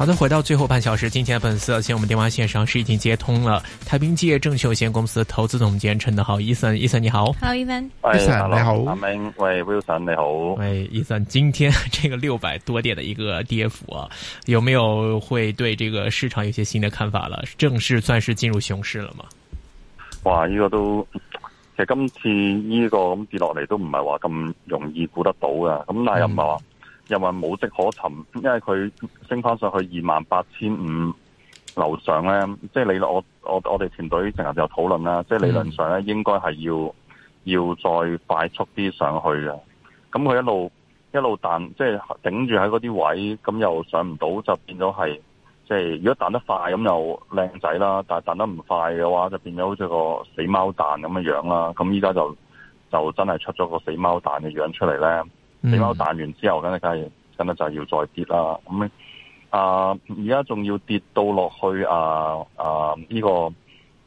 好的，回到最後半小時，今天粉絲色。先，我們電話線上是已經接通了。太平置業證券有限公司的投資總監陳德豪，伊森，伊、e、森、e、你好。好 Hello, Evan. Hey, e l 伊森。喂，你好。阿明，喂，Wilson，你好。喂，伊森，今天這個六百多點的一個跌幅啊，有沒有會對這個市場有些新的看法了？正式算是進入熊市了嗎？哇，呢、這個都，其實今次呢、這個咁跌落嚟都唔係話咁容易估得到噶，咁但係又唔係話。又話無跡可尋，因為佢升翻上去二萬八千五樓上咧，即係理論我我我哋團隊成日就討論啦，即係理論上咧應該係要要再快速啲上去嘅。咁佢一路一路彈，即係頂住喺嗰啲位，咁又上唔到，就變咗係即係如果彈得快咁又靚仔啦，但係彈得唔快嘅話就變咗好似個死貓彈咁嘅樣啦。咁依家就就真係出咗個死貓彈嘅樣出嚟咧。你包彈完之後，咁、mm hmm uh, 啊，梗係，咁啊，就要再跌啦。咁啊，而家仲要跌到落去啊啊！呢個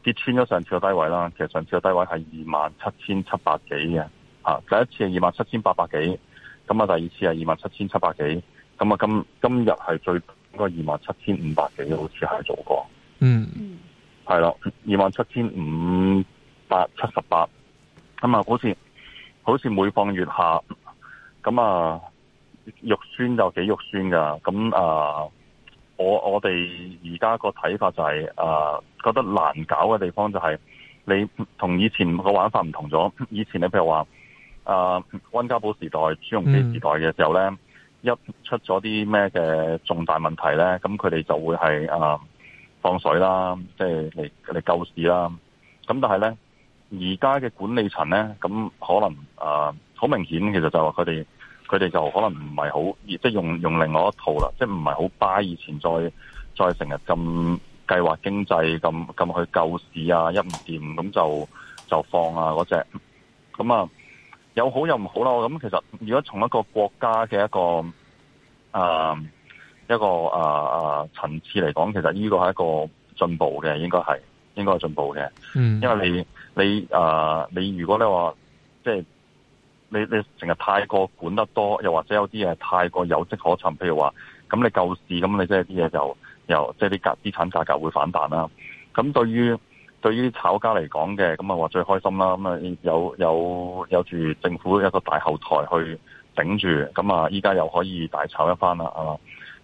跌穿咗上次嘅低位啦。其實上次嘅低位係二萬七千七百幾嘅。啊，第一次係二萬七千八百幾，咁啊，第二次係二萬七千七百幾，咁啊、mm，今今日係最應該二萬七千五百幾，好似係做過。嗯，係啦，二萬七千五百七十八。咁啊，好似好似每放月下。咁啊，肉酸就幾肉酸噶。咁啊，我我哋而家個睇法，就係啊覺得難搞嘅地方就係你同以前個玩法唔同咗。以前你譬如話啊，溫家寶時代、朱鎔基時代嘅時候咧，一出咗啲咩嘅重大問題咧，咁佢哋就會係啊放水啦，即係嚟嚟救市啦。咁但係咧。而家嘅管理層咧，咁可能啊，好、呃、明顯，其實就係話佢哋佢哋就可能唔係好，即係用用另外一套啦，即係唔係好 buy 以前再再成日咁計劃經濟咁咁去救市啊，一唔掂咁就就放啊嗰隻咁啊，有好有唔好啦。咁其實如果從一個國家嘅一個啊一個啊啊層次嚟講，其實呢個係一個進步嘅，應該係應該係進步嘅，嗯、因為你。你啊、呃，你如果即你話即係你你成日太過管得多，又或者有啲嘢太過有跡可尋，譬如話咁你救市咁，你即係啲嘢就又即係啲產資產價格會反彈啦。咁對於對於炒家嚟講嘅，咁啊話最開心啦。咁啊有有有住政府一個大後台去頂住，咁啊依家又可以大炒一番啦。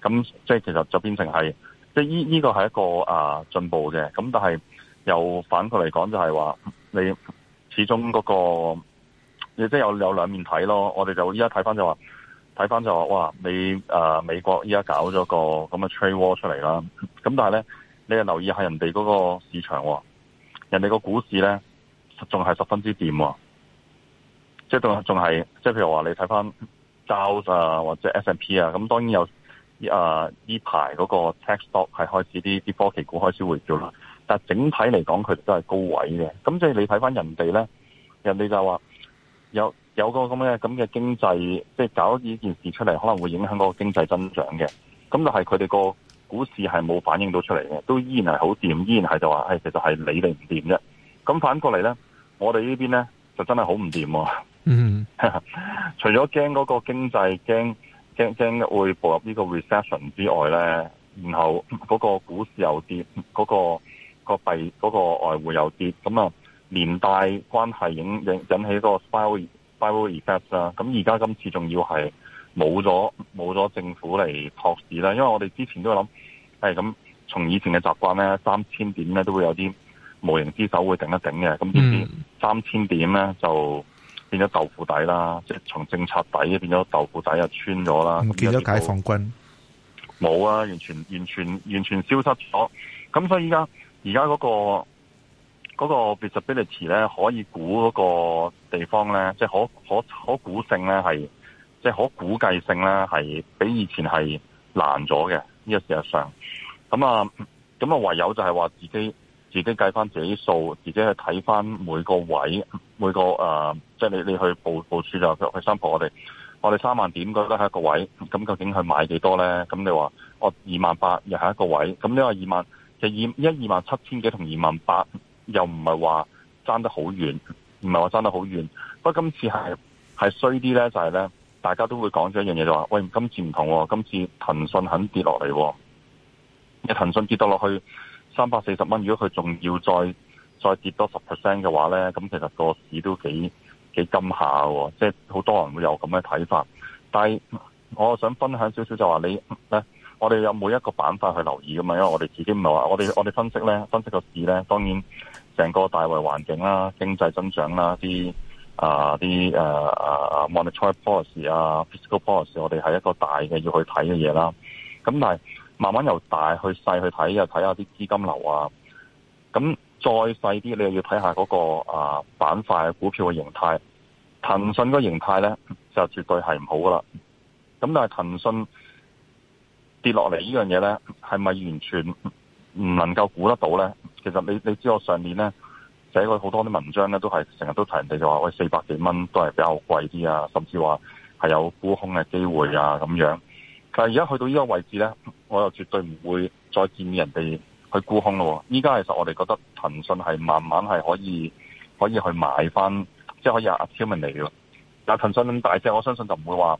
咁、啊、即係其實就變成係即係呢呢個係一個啊進步嘅。咁但係又反過嚟講，就係話。你始終嗰個，你即係有有兩面睇咯。我哋就依家睇翻就話，睇翻就話，哇！你啊、呃、美國依家搞咗個咁嘅 trade war 出嚟啦。咁但係咧，你又留意下人哋嗰個市場，人哋個股市咧，仲係十分之掂喎。即係都仲係，即係譬如話你睇翻道啊或者 S&P 啊，咁當然有啊呢排嗰個 tech stock，係開始啲啲科技股開始回調啦。但整體嚟講，佢哋都係高位嘅。咁即係你睇翻人哋呢，人哋就話有有個咁嘅咁嘅經濟，即係搞呢件事出嚟，可能會影響嗰個經濟增長嘅。咁就係佢哋個股市係冇反映到出嚟嘅，都依然係好掂，依然係就話係其實係你哋唔掂啫。咁反過嚟呢，我哋呢邊呢，就真係好唔掂。嗯， 除咗驚嗰個經濟驚驚驚會步入呢個 recession 之外呢，然後嗰個股市又跌，嗰個個幣嗰個外匯又跌，咁啊連帶關係影引，引引起個 spiral spiral effect 啦。咁而家今次仲要係冇咗冇咗政府嚟托市啦。因為我哋之前都諗，誒咁從以前嘅習慣咧，三千點咧都會有啲無形之手會頂一頂嘅。咁呢啲三千點咧就變咗豆腐底啦，即係從政策底變咗豆腐底啊，穿咗啦。變咗解放軍冇啊，完全完全完全，完全消失咗。咁所以依家。而家嗰個嗰個 absolute 咧，可以估嗰個地方呢，即係可,可,可估性呢，係即係可估計性呢，係比以前係難咗嘅呢個事實上。咁啊，咁啊，唯有就係話自己自己計翻自己數，自己去睇返每個位每個誒，即、呃、係、就是、你你去部部署就去三倍我哋，我哋三萬點覺得係一個位，咁究竟去買幾多呢？咁你話我二萬八又係一個位，咁你話二萬？就二一二萬七千幾同二萬八，1, 27, 28, 又唔係話爭得好遠，唔係話爭得好遠。不過今次係係衰啲咧，就係咧，大家都會講咗一樣嘢，就話、是：喂，今次唔同喎，今次騰訊肯跌落嚟。你騰訊跌到落去三百四十蚊，如果佢仲要再再跌多十 percent 嘅話咧，咁其實個市都幾幾金下喎。即係好多人會有咁嘅睇法。但係我想分享少少、就是，就話你咧。我哋有每一個板塊去留意㗎嘛，因為我哋自己唔係話，我哋我哋分析咧，分析個市咧，當然成個大圍環境啦、啊、經濟增長啦、啊、啲啊啲誒誒 monetary policy 啊、physical policy，我哋係一個大嘅要去睇嘅嘢啦。咁但係慢慢由大去細去睇，又睇下啲資金流啊。咁再細啲、那個，你又要睇下嗰個啊板塊股票嘅形態。騰訊個形態咧，就絕對係唔好噶啦。咁但係騰訊。跌落嚟呢樣嘢咧，係咪完全唔能夠估得到咧？其實你你知我上年咧寫過好多啲文章咧，都係成日都提人哋就話喂四百幾蚊都係比較貴啲啊，甚至話係有沽空嘅機會啊咁樣。但係而家去到呢個位置咧，我又絕對唔會再建議人哋去沽空咯啊。依家其實我哋覺得騰訊係慢慢係可以可以去買翻，即係可以有阿超人嚟咯。但係騰訊咁大隻，我相信就唔會話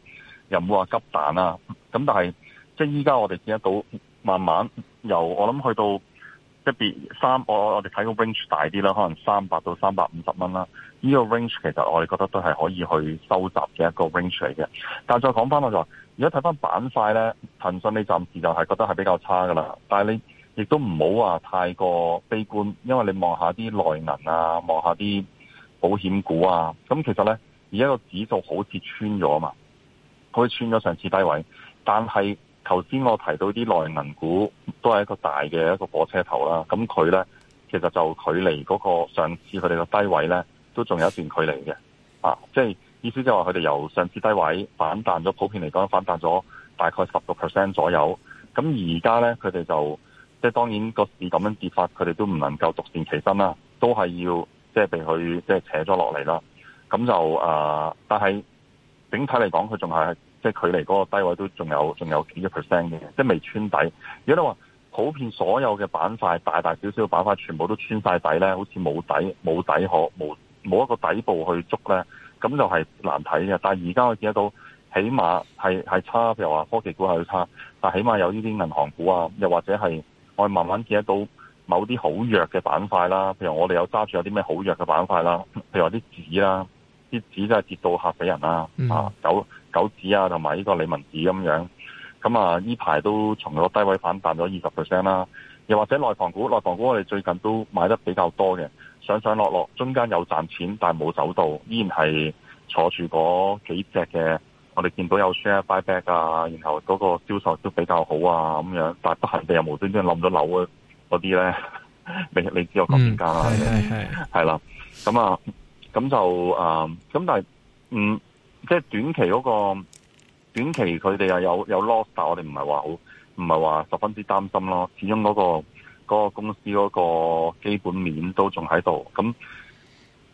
又唔會話急彈啊。咁但係。即係依家我哋見得到，慢慢由我諗去到一別三，我我哋睇個 range 大啲啦，可能三百到三百五十蚊啦。呢個 range 其實我哋覺得都係可以去收集嘅一個 range 嚟嘅。但係再講翻我就話，而家睇翻板塊咧，騰訊你暫時就係覺得係比較差噶啦。但係你亦都唔好話太過悲觀，因為你望下啲內銀啊，望下啲保險股啊，咁其實咧而家個指數好似穿咗啊嘛，好似穿咗上次低位，但係。頭先我提到啲內銀股都係一個大嘅一個火車頭啦，咁佢呢，其實就距離嗰個上次佢哋個低位呢，都仲有一段距離嘅，啊，即係意思即係話佢哋由上次低位反彈咗，普遍嚟講反彈咗大概十六 percent 左右，咁而家呢，佢哋就即係當然個市咁樣跌法，佢哋都唔能夠獨善其身啦，都係要即係被佢即係扯咗落嚟啦，咁就誒、呃，但係整體嚟講，佢仲係。即係距離嗰個低位都仲有仲有幾個 percent 嘅，即係未穿底。如果你話普遍所有嘅板塊，大大小小嘅板塊全部都穿曬底咧，好似冇底冇底可冇冇一個底部去捉咧，咁就係難睇嘅。但係而家我見得到，起碼係係差，譬如話科技股係差，但係起碼有呢啲銀行股啊，又或者係我係慢慢見得到某啲好弱嘅板塊啦。譬如我哋有揸住有啲咩好弱嘅板塊啦，譬如話啲紙啦，啲紙真係跌到嚇死人啦、嗯、啊！有狗子啊，同埋呢個李文子咁樣，咁啊，依排都從咗低位反彈咗二十 percent 啦。又或者內房股，內房股我哋最近都買得比較多嘅，上上落落，中間有賺錢，但係冇走到，依然係坐住嗰幾隻嘅。我哋見到有 share buy back 啊，然後嗰個銷售都比較好啊咁樣，但係不幸地又無端端冧咗樓啊嗰啲咧，你你知我咁點解啊？係係係啦，咁啊，咁就啊，咁但係嗯。即係短期嗰個短期佢哋又有有 loss，但我哋唔係話好唔係話十分之擔心咯。始終嗰個嗰個公司嗰個基本面都仲喺度。咁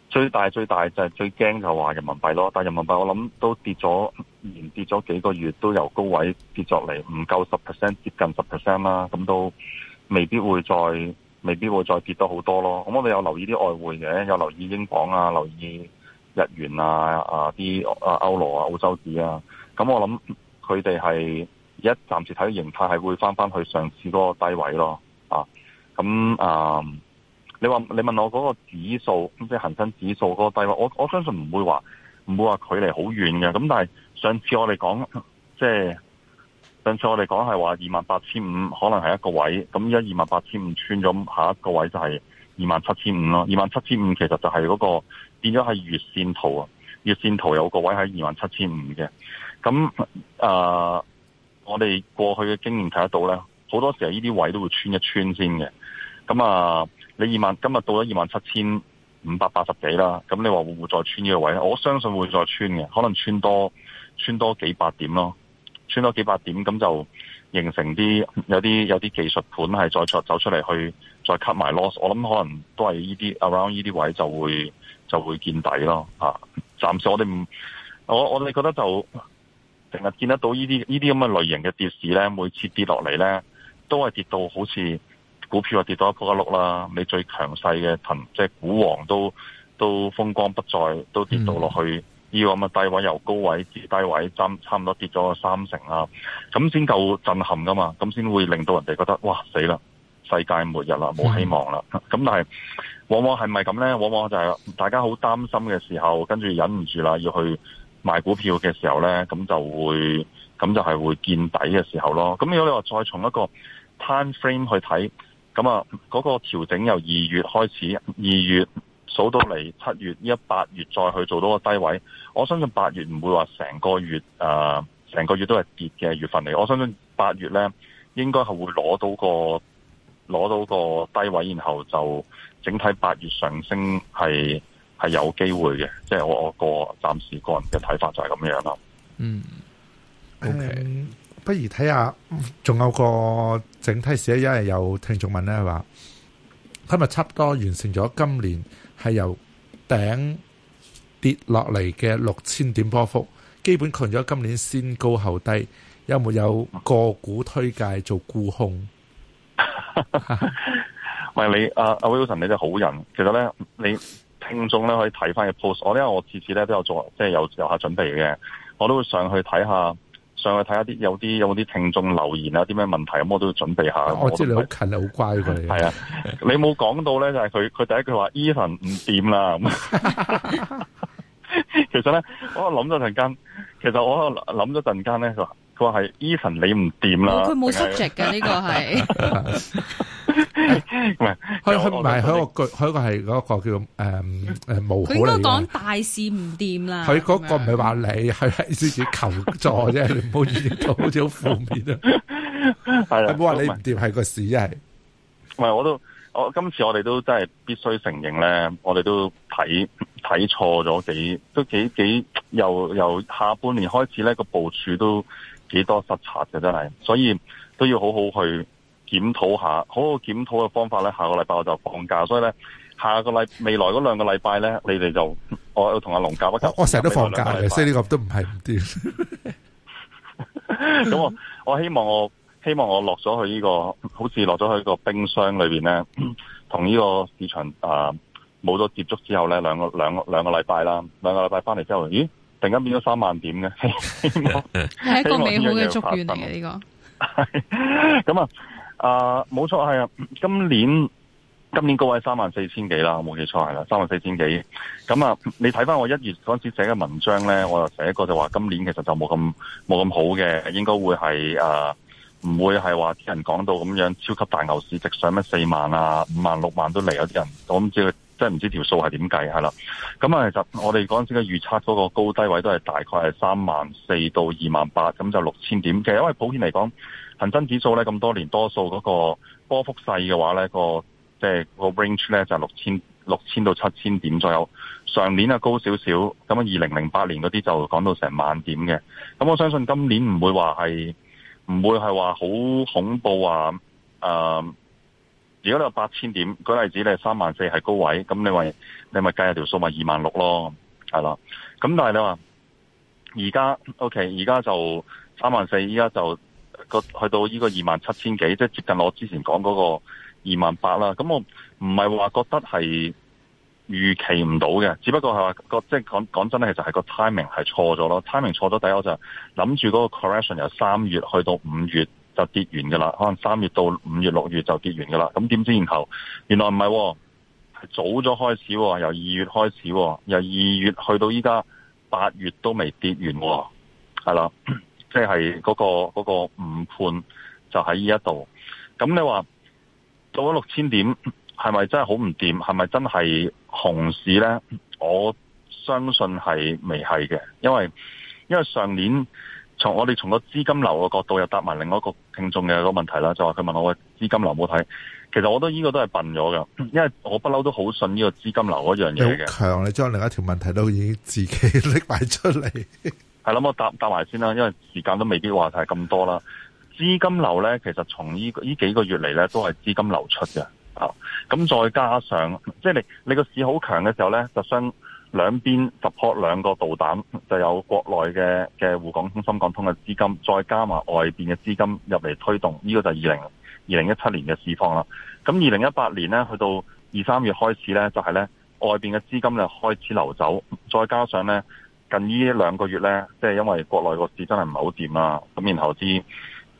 最大最大就係最驚就話人民幣咯。但係人民幣我諗都跌咗，連跌咗幾個月都由高位跌落嚟，唔夠十 percent，接近十 percent 啦。咁都未必會再未必會再跌得好多咯。咁我哋有留意啲外匯嘅，有留意英鎊啊，留意日元啊，啊啲啊歐羅啊，澳洲紙啊，咁我諗佢哋係而家暫時睇到形態係會翻翻去上次嗰個低位咯啊，啊，咁啊，你話你問我嗰個指數，即係恆生指數嗰個低位，我我相信唔會話唔會話距離好遠嘅，咁但係上次我哋講即係上次我哋講係話二萬八千五可能係一個位，咁而家二萬八千五穿咗，下一個位就係。二萬七千五咯，二萬七千五其實就係嗰個變咗係月線圖啊，月線圖有個位喺二萬七千五嘅。咁啊、呃，我哋過去嘅經驗睇得到咧，好多時候呢啲位都會穿一穿先嘅。咁啊，你二萬今日到咗二萬七千五百八十幾啦，咁你話會唔會再穿呢個位咧？我相信會再穿嘅，可能穿多穿多幾百點咯，穿多幾百點咁就形成啲有啲有啲技術盤係再再走出嚟去。再 cut 埋 loss，我諗可能都係呢啲 around 呢啲位就會就會見底咯、啊、暫時我哋唔我我哋覺得就成日見得到呢啲呢啲咁嘅類型嘅跌市咧，每次跌落嚟咧都係跌到好似股票啊跌到一仆一碌啦。你最強勢嘅騰即係股王都都風光不再，都跌到落去呢、嗯、個咁嘅低位由高位跌低位，差差唔多跌咗三成啦。咁先夠震撼噶嘛？咁先會令到人哋覺得哇死啦！世界末日啦，冇希望啦。咁但係，往往係咪咁呢？往往就係大家好擔心嘅時候，跟住忍唔住啦，要去賣股票嘅時候呢，咁就會，咁就係會見底嘅時候咯。咁如果你話再從一個 time frame 去睇，咁啊，嗰個調整由二月開始，二月數到嚟，七月，一八月再去做到個低位，我相信八月唔會話成個月，誒，呃，成個月都係跌嘅月份嚟。我相信八月呢應該係會攞到個。攞到個低位，然後就整體八月上升係係有機會嘅，即係我個個暫時個人嘅睇法就係咁樣啦嗯，O、okay. K，、嗯、不如睇下仲有一個整體市咧，因為有聽眾問咧，話今日差唔多完成咗今年係由頂跌落嚟嘅六千點波幅，基本確認咗今年先高後低，有冇有個股推介做沽空？唔係 你阿、啊啊、Wilson，你真係好人。其實咧，你聽眾咧可以睇翻嘅 post。我因為我次次咧都有做，即係有有下準備嘅，我都會上去睇下，上去睇下啲有啲有冇啲聽眾留言啊，啲咩問題，咁我都會準備下。我知你好近好乖佢。係啊， 你冇講到咧，就係佢佢第一句話 Ethan 唔掂啦。 其實咧，我諗咗陣間，其實我諗咗陣間咧佢話係 Ethan，你唔掂啦。佢冇 subject 嘅呢個係。係，佢佢唔係佢個佢個係嗰個叫誒誒無好佢應該講大事唔掂啦。佢嗰個唔係話你，係係求求助啫。你唔好遇到好少負面啦。係啦，唔話你唔掂係個事，真係。唔係，我都我今次我哋都真係必須承認咧，我哋都睇睇錯咗幾都幾幾，由由下半年開始咧個部署都。幾多失策嘅，真係，所以都要好好去檢討下。好好檢討嘅方法咧，下個禮拜我就放假，所以咧下個禮未來嗰兩個禮拜咧，你哋就我要同阿龍夾一夾。我成日都放假嘅，所以呢個都唔係唔掂。咁我我希望我希望我落咗去呢個，好似落咗去個冰箱裏邊咧，同呢個市場啊冇咗接觸之後咧，兩個兩個兩個禮拜啦，兩個禮拜翻嚟之後，咦？突然間變咗三萬點嘅，係 一個美好嘅祝願嚟嘅呢個。係咁啊，啊冇錯係啊，今年今年高位三萬四千幾啦，冇記錯係啦，三萬四千幾。咁啊，你睇翻我一月嗰時寫嘅文章咧，我就寫一個就話今年其實就冇咁冇咁好嘅，應該會係誒唔會係話啲人講到咁樣超級大牛市直上咩四萬啊五萬六萬都嚟，有啲人我唔知佢。即係唔知條數係點計係啦，咁啊其實我哋嗰陣時嘅預測嗰個高低位都係大概係三萬四到二萬八，咁就六千點嘅，因為普遍嚟講，恒生指數咧咁多年多數嗰個波幅細嘅話咧，個即係個 range 咧就六千六千到七千點左右。上年啊高少少，咁啊二零零八年嗰啲就講到成萬點嘅。咁我相信今年唔會話係唔會係話好恐怖啊，呃如果你有八千點，舉例子你三萬四係高位，咁你你咪計下條數咪二萬六咯，係啦。咁但係你話而家 OK，而家就三萬四，而家就去到依個二萬七千幾，即係接近我之前講嗰個二萬八啦。咁我唔係話覺得係預期唔到嘅，只不過係話個即係講講真咧，其實係個 timing 係錯咗咯。timing 錯咗底，我就諗住嗰個 correction 由三月去到五月。就跌完噶啦，可能三月到五月六月就跌完噶啦。咁點知然後原來唔係喎，係早咗開始喎，由二月開始喎，由二月去到依家八月都未跌完喎，係啦，即係嗰個嗰個誤判就喺依一度。咁你話到咗六千點，係咪真係好唔掂？係咪真係熊市呢？我相信係未係嘅，因為因為上年。從我哋從個資金流嘅角度，又答埋另外一個聽眾嘅個問題啦，就話佢問我嘅資金流冇睇，其實我都呢、這個都係笨咗嘅，因為我不嬲都好信呢個資金流嗰樣嘢嘅。強、欸，你將另一條問題都已經自己拎埋出嚟。係， 啦我答答埋先啦，因為時間都未必話太咁多啦。資金流咧，其實從呢幾幾個月嚟咧，都係資金流出嘅。咁再加上，即係你你個市好強嘅時候咧，就相。兩邊 support 兩個導彈，就有國內嘅嘅滬港通、深港通嘅資金，再加埋外邊嘅資金入嚟推動，呢、這個就係二零二零一七年嘅市況啦。咁二零一八年咧，去到二三月開始咧，就係、是、咧外邊嘅資金咧開始流走，再加上咧近呢兩個月咧，即係因為國內個市真係唔係好掂啦，咁然後啲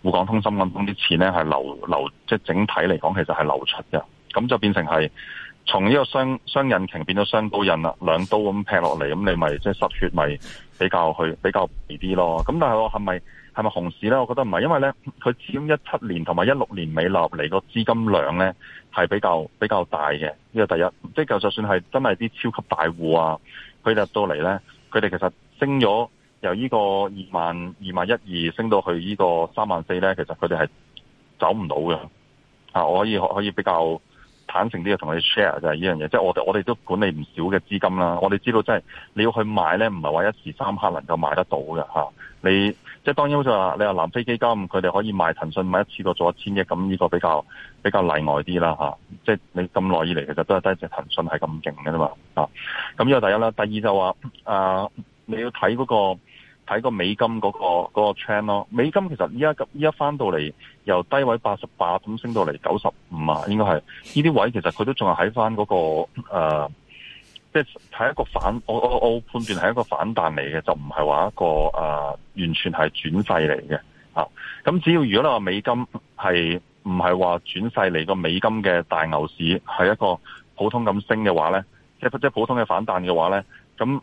滬港通、深港通啲錢咧係流流，即係整體嚟講其實係流出嘅，咁就變成係。從呢個雙雙引擎變咗雙刀刃啦，兩刀咁劈落嚟，咁你咪即係失血咪比較去比較肥啲咯？咁但係我係咪係咪熊市咧？我覺得唔係，因為咧佢佔一七年同埋一六年尾落嚟個資金量咧係比較比較大嘅。呢個第一，即係就算係真係啲超級大戶啊，佢哋入到嚟咧，佢哋其實升咗由呢個二萬二萬一二升到去呢個三萬四咧，其實佢哋係走唔到嘅。啊，我可以可以比較。坦誠啲去同你 share 就係呢樣嘢，即係我哋我哋都管理唔少嘅資金啦。我哋知道真係你要去買咧，唔係話一時三刻能夠買得到嘅嚇。你即係當然好似話你話南非基金佢哋可以買騰訊買一次過做一千億，咁、這、呢個比較比較例外啲啦嚇。即係你咁耐以嚟其實都係得一隻騰訊係咁勁嘅啦嘛嚇。咁呢個第一啦，第二就話、是呃、你要睇嗰、那個。睇個美金嗰個嗰個 channel 咯，美金其實依家依家翻到嚟由低位八十八咁升到嚟九十五啊，應該係呢啲位，其實佢都仲係喺翻嗰個即係睇一個反，我我我判斷係一個反彈嚟嘅，就唔係話一個誒、呃、完全係轉勢嚟嘅。咁只要如果你話美金係唔係話轉勢嚟，個美金嘅大牛市係一個普通咁升嘅話咧，即係即係普通嘅反彈嘅話咧，咁。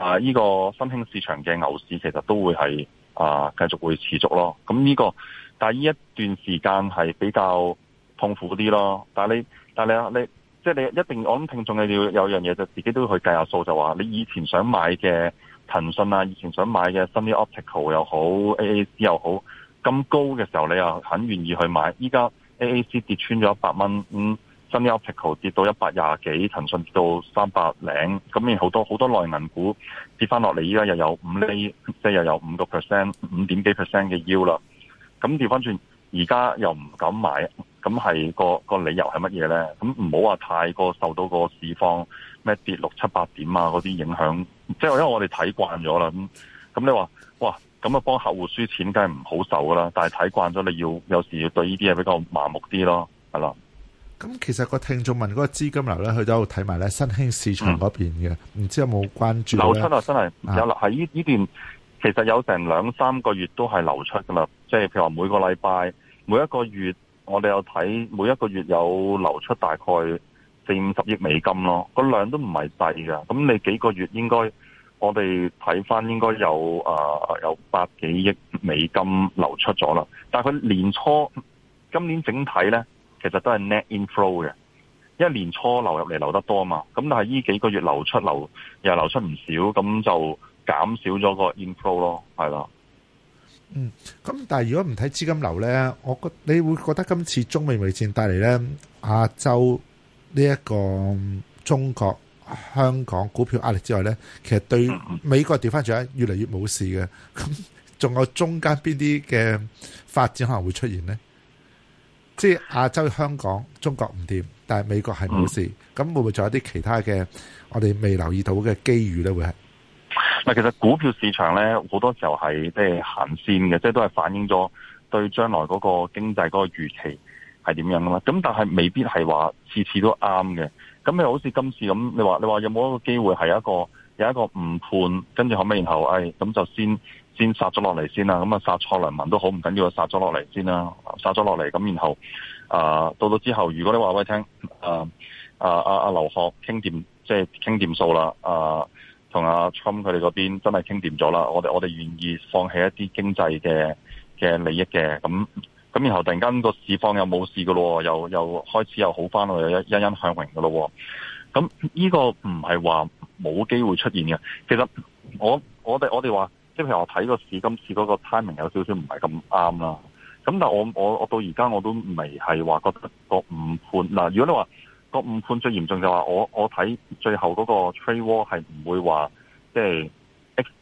啊！呢、這個新興市場嘅牛市其實都會係啊，繼續會持續咯。咁、嗯、呢、這個，但呢一段時間係比較痛苦啲咯。但係你，但係你，你即係你一定，我諗聽眾你要有樣嘢，就自己都要去計下數，就話你以前想買嘅騰訊啊，以前想買嘅 Sunny Optical 又好，AAC 又好，咁高嘅時候你又肯願意去買。依家 AAC 跌穿咗一百蚊，嗯。新啲 Apple 跌到一百廿幾，騰訊跌到三百零，咁好多好多內銀股跌翻落嚟，依家又有五厘，即係又有五個 percent、五點幾 percent 嘅 yield 啦。咁調翻轉，而家又唔敢買，咁係個個理由係乜嘢咧？咁唔好話太過受到個市況咩跌六七八點啊嗰啲影響，即係因為我哋睇慣咗啦。咁咁你話哇，咁啊幫客戶輸錢梗係唔好受噶啦。但係睇慣咗，你要有時要對呢啲嘢比較麻木啲咯，係啦。咁其實個聽眾問嗰個資金流咧，佢都睇埋咧，新興市場嗰邊嘅，嗯，唔知有冇關注流出啊，真係有啦，喺呢呢段其實有成兩三個月都係流出噶啦。即係譬如話每個禮拜、每一個月，我哋有睇每一個月有流出大概四五十億美金咯。個量都唔係細噶。咁你幾個月應該我哋睇翻應該有啊有百幾億美金流出咗啦。但佢年初今年整體咧。其實都係 net inflow 嘅，一年初流入嚟，流得多嘛，咁但係呢幾個月流出流又流出唔少，咁就減少咗個 inflow 咯，係啦。嗯，咁但係如果唔睇資金流咧，我覺你會覺得今次中美貿易戰帶嚟咧亞洲呢一個中國香港股票壓力之外咧，其實對美國調翻轉，越嚟越冇事嘅，咁仲有中間邊啲嘅發展可能會出現咧？即係亞洲、香港、中國唔掂，但係美國係冇事，咁、嗯、會唔會仲有啲其他嘅我哋未留意到嘅機遇咧？會係嗱，其實股票市場咧，好多時候係即係行先嘅，即係都係反映咗對將來嗰個經濟嗰個預期係點樣噶嘛。咁但係未必係話次次都啱嘅。咁你好似今次咁，你話你話有冇一個機會係一個有一個誤判，跟住後尾然後誒咁、哎、就先。先殺咗落嚟先啦，咁啊殺錯良民都好唔緊要啊！殺咗落嚟先啦，殺咗落嚟咁，然後啊到咗之後，如果你話喂聽啊啊啊啊，劉鶴傾掂即係傾掂數啦啊，同阿 Trump 佢哋嗰邊真係傾掂咗啦。我哋我哋願意放棄一啲經濟嘅嘅利益嘅咁咁，然後突然間個市況又冇事噶咯，又又開始又好翻咯，又欣欣向榮噶咯。咁呢個唔係話冇機會出現嘅。其實我我哋我哋話。即係譬如我睇個市今次嗰個 timing 有少少唔係咁啱啦，咁但係我我我到而家我都未係話覺得個誤判嗱，如果你話個誤判最嚴重就話我我睇最後嗰個 trade war 係唔會話即係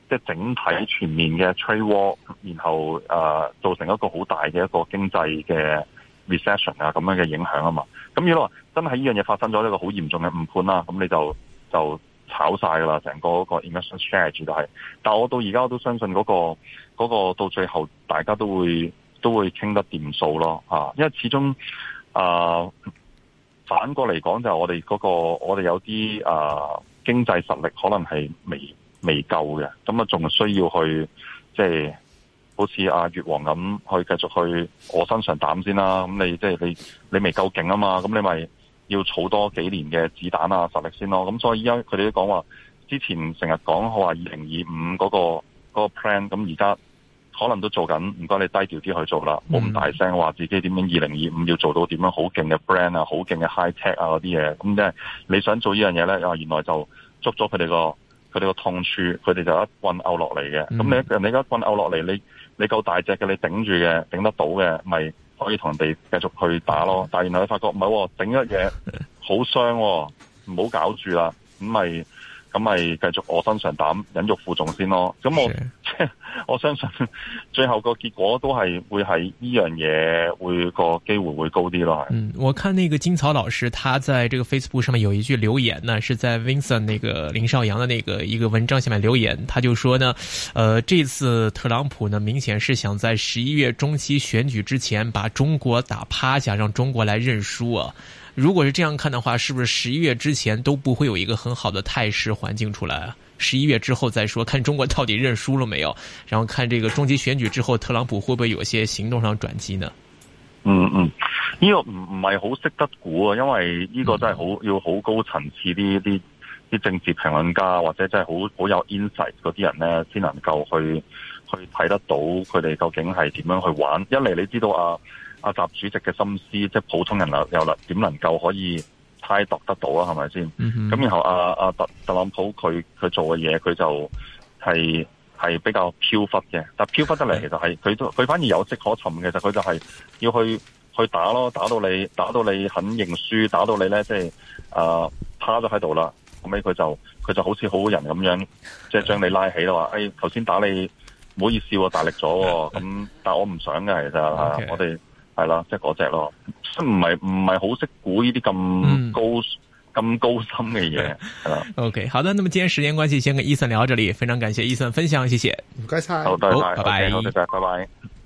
即係整體全面嘅 trade war，然後誒、呃、造成一個好大嘅一個經濟嘅 recession 啊咁樣嘅影響啊嘛，咁如果話真係呢樣嘢發生咗呢個好嚴重嘅誤判啦，咁你就就。炒曬噶啦，成個嗰個 emission share 住，但係，但我到而家我都相信嗰、那個嗰、那個到最後，大家都會都會傾得掂數咯，因為始終啊、呃、反過嚟講就、那個，就我哋嗰個我哋有啲啊、呃、經濟實力可能係未未夠嘅，咁啊仲需要去即係、就是、好似阿越王咁去繼續去臥薪嘗膽先啦，咁你即係你你未夠勁啊嘛，咁你咪。要儲多幾年嘅子彈啊實力先咯，咁、嗯、所以依家佢哋都講話之前成日講好話二零二五嗰個嗰、嗰個 plan，咁而家可能都做緊，唔該你低調啲去做啦，冇咁大聲話自己點樣二零二五要做到點樣好勁嘅 brand 啊，好勁嘅 high tech 啊嗰啲嘢，咁即係你想做呢樣嘢咧，啊原來就捉咗佢哋個佢哋個痛處，佢哋就一棍拗落嚟嘅，咁你你一棍拗落嚟，你你夠大隻嘅，你頂住嘅，頂得到嘅，咪？可以同人哋繼續去打咯，但係然後你發覺唔係喎，整一嘢好傷喎，哦，唔好搞住啦，咁咪。咁咪繼續臥薪嘗膽、忍辱負重先咯。咁我是 我相信最後個結果都係會係呢樣嘢會個機會會高啲咯。嗯，我看那個金草老師，他在這個 Facebook 上面有一句留言呢，是在 Vincent 那個林少陽的那個一個文章下面留言，他就說呢，呃，這次特朗普呢，明顯是想在十一月中期選舉之前把中國打趴下，讓中國來認輸啊。如果是這樣看的話，是不是十一月之前都不會有一個很好的態勢環境出來啊？啊，十一月之後再說，看中國到底認輸了沒有，然後看這個終極選舉之後，特朗普會不會有些行動上轉機呢？嗯嗯，呢、嗯呢個唔唔係好識得估啊，因為呢個真係好要好高層次啲啲啲政治評論家或者真係好好有 insight 嗰啲人呢先能夠去去睇得到佢哋究竟係點樣去玩。一嚟你知道啊？阿習主席嘅心思，即係普通人又又啦，點能夠可以猜度得到是、mm hmm. 啊？係咪先？咁然後阿阿特特朗普佢佢做嘅嘢，佢就係、是、係比較漂忽嘅。但漂忽得嚟，其實係佢都佢反而有跡可尋嘅。其實佢就係要去去打咯，打到你打到你，打到你肯認輸，打到你咧即係啊、呃、趴咗喺度啦。後尾佢就佢就好似好人咁樣，即係將你拉起啦。話誒頭先打你唔好意思，我大力咗咁， 但我唔想嘅，其實 Okay. 我哋。係啦，即係嗰隻咯，唔係唔係好識估呢啲咁高咁、嗯、高深嘅嘢，係啦。 okay，好的，那麼今天時間關係，先跟 Eason 聊到這裏，非常感謝 Eason 分享，謝謝。唔該晒，好，拜拜，好，拜拜，okay, 拜拜。拜拜拜拜。